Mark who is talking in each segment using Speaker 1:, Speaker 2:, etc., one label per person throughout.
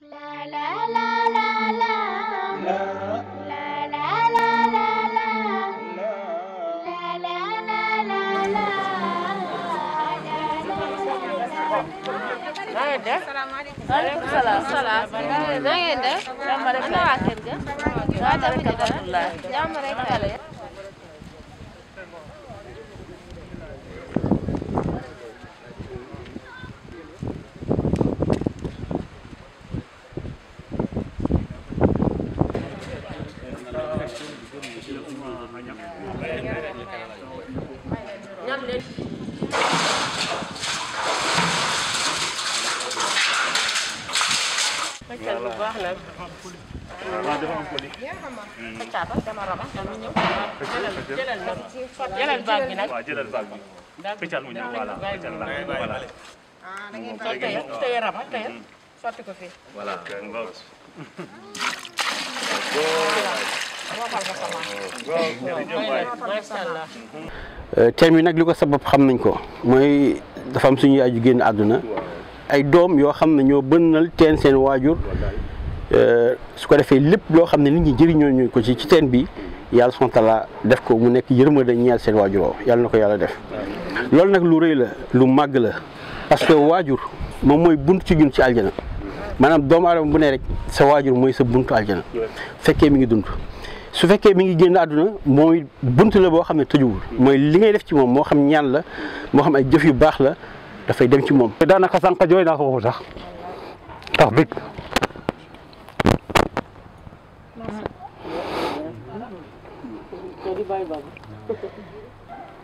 Speaker 1: maaleykum salaam salaam. na ngeen def. jàmm rek la ana waa kër ga. waaw tamit dara jàmm rek la.
Speaker 2: Fekkal bu baax
Speaker 1: nag. waaw dafa am poli. Fekkaatal dama raba dama ñëw. jëlal nag jëlal baag bi nag.
Speaker 2: waaw jëlal baag bi. feccal mu ñëw voilà feccal la voilà.
Speaker 1: soo teye teye raba teye sotti ko fii.
Speaker 2: voilà. Euh, thème yi nag li ko sabab xam nañ ko mooy dafa am suñu yaay ju génn àdduna ay doom yoo xam ne ñoo bënnal teen seen waajur euh, su ko defee lépp loo xam ne nit ñi jëriñoo ñu ko ci ci teen bi yàlla subhaanahu def ko mu nekk yërmande ñeel seen waajuroo oo yàlla na ko yàlla def loolu nag lu rëy la lu màgg la parce que waajur moom mooy bunt ci jun ci aljana maanaam doomu aadama bu nee rek sa waajur mooy sa bunt aljana fekkee mi ngi dund su fekkee mi ngi génn àdduna mooy bunt la boo xam ne tëjuwul mooy li ngay def ci moom moo xam ñaan la moo xam ay jëf yu baax la dafay dem ci moom. daanaka sànq jooy naa ko sax tax bëgg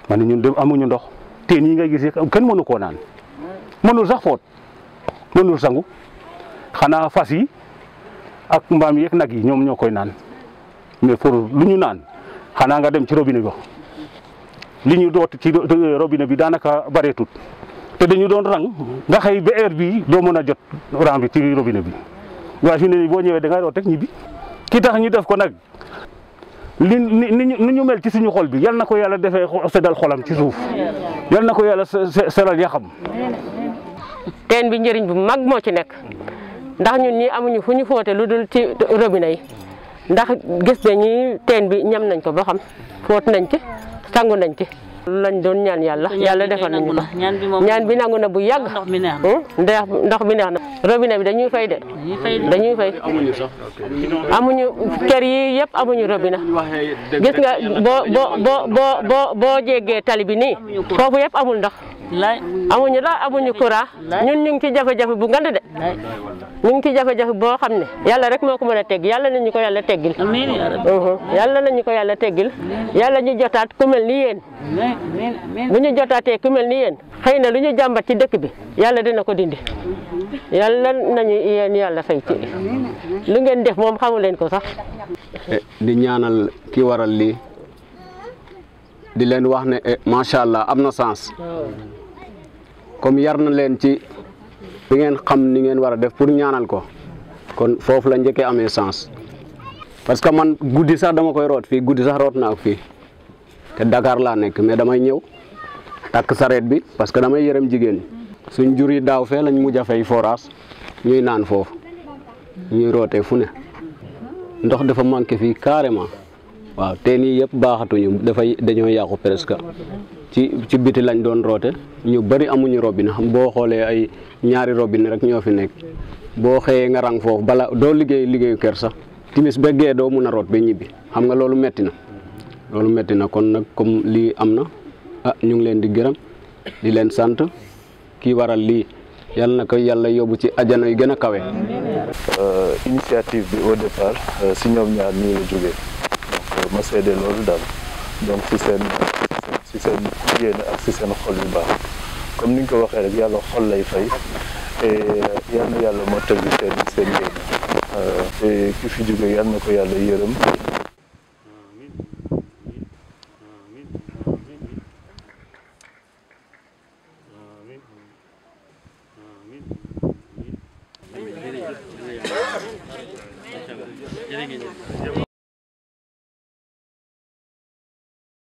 Speaker 2: ma ñun de amuñu ndox teen yi ngay gis kenn mënu koo naan mënul sax foot mënul sangu xanaa fas yi ak mbaam yeeg nag yi ñoom ñoo koy naan. mais pour lu ñu naan xanaa nga dem ci robine ba li ñu doot ci robinet bi daanaka bareetut te dañu doon rang nga xëy ba bi doo mën a jot rang bi ci robine bi waaye fi ne nii boo ñëwee danga ngay doon teg ñibbi ki tax ñu def ko nag li ni ñu mel ci suñu xol bi yal na ko yàlla defee seddal xolam ci suuf yal na ko
Speaker 1: yàlla seddal yaxam teen bi njëriñ bu mag moo ci nekk ndax ñun am amuñu fu ñu fóote lu dul ci robinet yi ndax gis nañu teen bi ñam nañ ko boo xam foot nañ ci sangu nañ ci lañ doon ñaan yalla yalla defal nañu ko ñaan bi nangu na bu hmm? yag ndox ndox bi neex na robinet bi dañuy fay de dañuy fay amuñu kër yi yëpp amuñu robinet gis nga bo bo bo bo bo boo jéggee tali bi nii foofu yëpp amul ndox amuñu la amuñu courant ñun ñu ci jafé jafé bu ngand de ñu ci jafé jafé bo xamné yalla rek moko mëna tégg yalla nañu ko yalla téggil amin ya teggil mhm. yalla nañu ko yalla téggil yalla ñu jotaat ku mel ni bu ñu jotaatee ku mel ni yéen xëy na lu ñu jàmbat ci dëkk bi yàlla dina ko dindi yàlla nañu yeen yàlla fay ci lu ngeen def moom xamu leen ko sax
Speaker 3: eh, di ñaanal ki waral lii di leen wax ne eh, macha allah am na sens comme yar na leen ci li ngeen xam ni ngeen war a def pour ñaanal ko kon foofu la njëkkee amee sens parce que man guddi sax dama koy root fii guddi sax root naa ko fii te Dakar la nek mais damay ñew tak sareet bi parce que damay yërem jigen suñ jur yi daw fe lañ mujj a fay forage ñuy naan fofu ñuy roté fu ne ndox dafa manké fi carrément waaw teen yi yëpp baaxatuñu dafa dañu yaqku presque ci ci biti lañ doon roté ñu bari amuñu robinet xam bo xolé ay ñaari robin rek ñoo fi nekk boo nga rang fofu bala do liggéey liggéey kër sax timis ba gee doo mun rot be ñibi xam nga lolu metti na loolu métti na kon nag comme lii am na ah ñu ngi leen di gërëm di leen sant kii waral lii yàlla na ko yàlla yóbbu ci ajana yi gën a kawe. Euh, initiative bi au départ euh, si ñoom ñaar nii la
Speaker 2: loolu daal donc si seen si seen yéene ak si seen xol yu baax comme ni nga ko waxee rek yàlla xol lay fay te euh, yal na yàlla moo tëgg seen seen yéene te ki fi jógee yal na ko yàlla yërëm. 你。